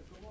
c'est comment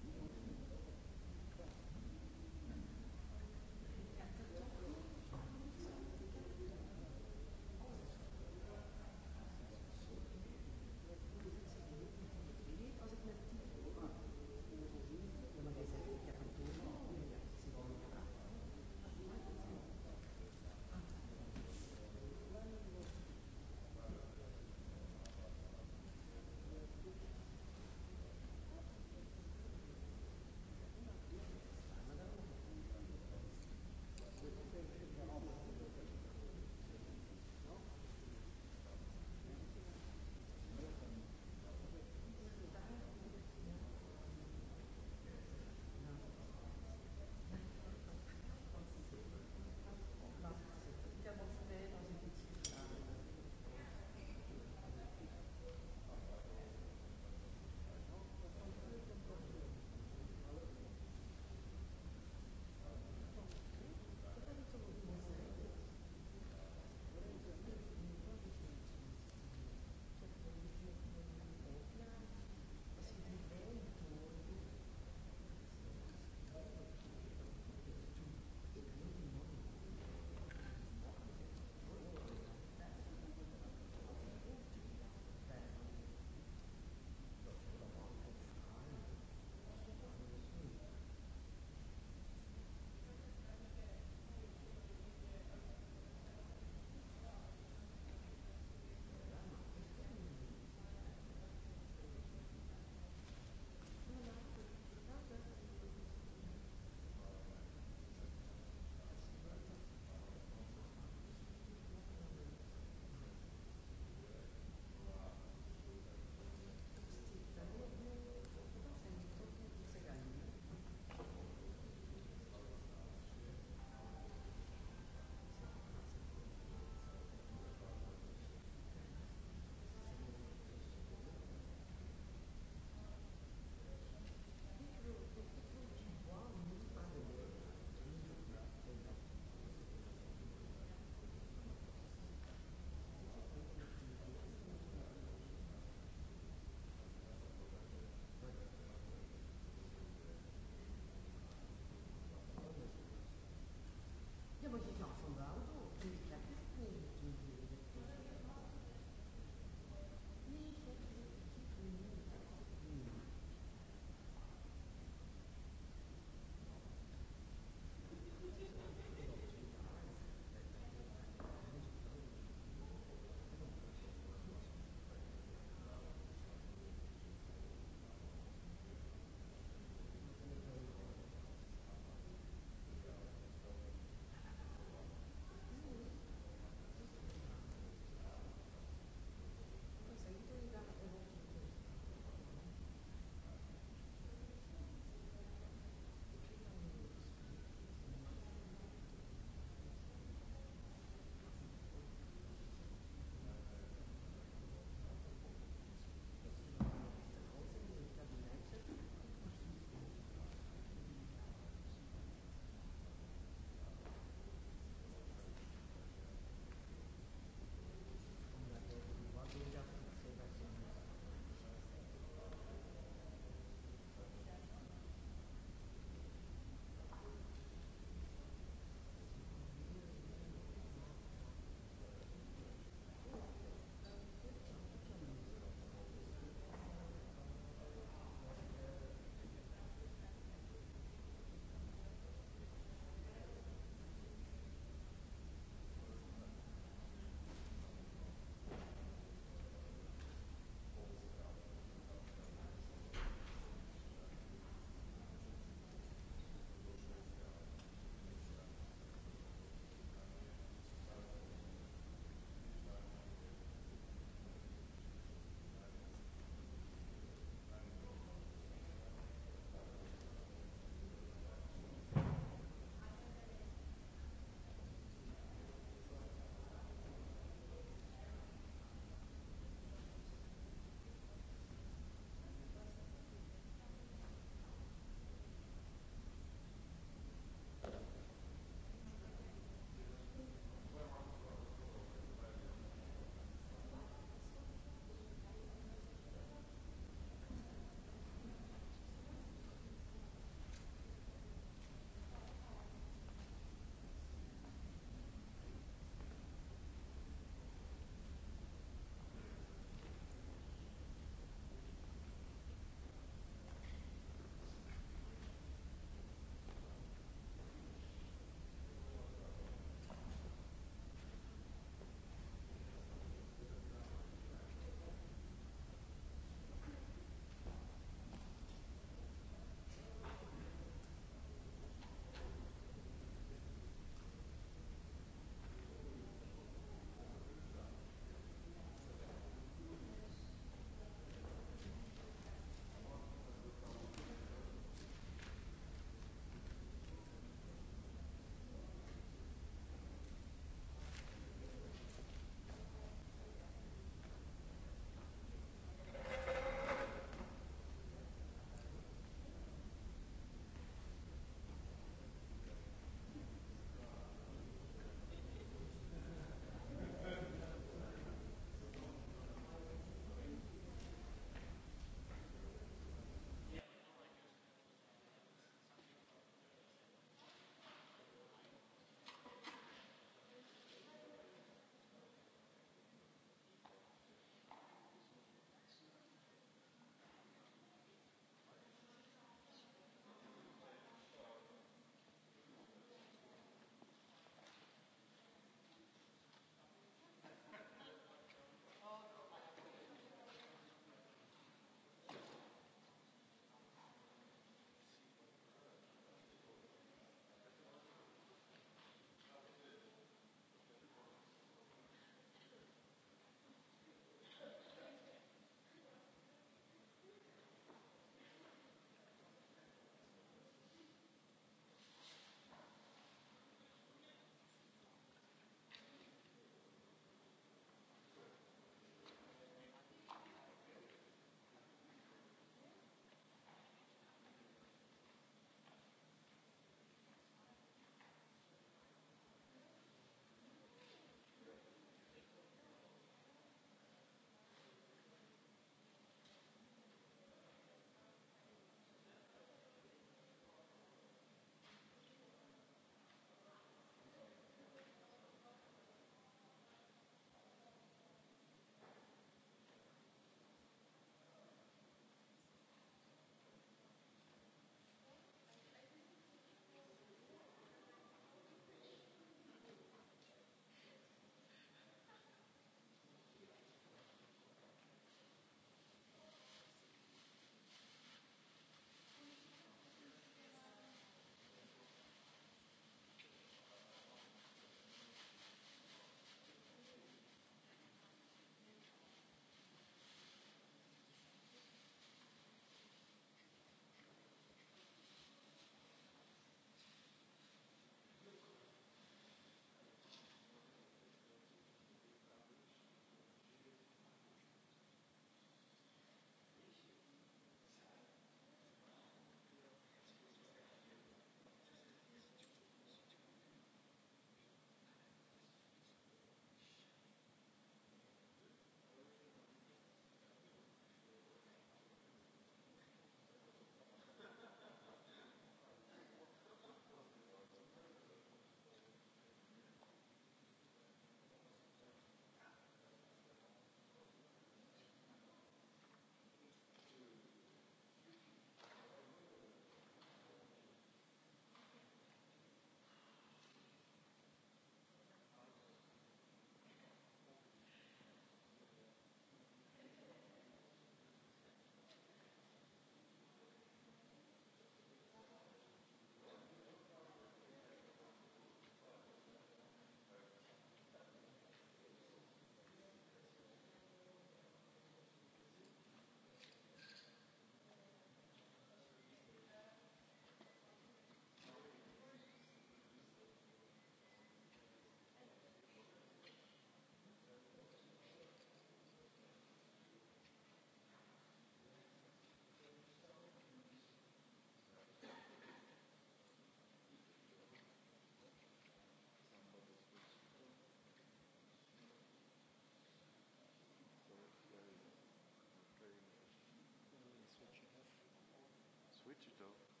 to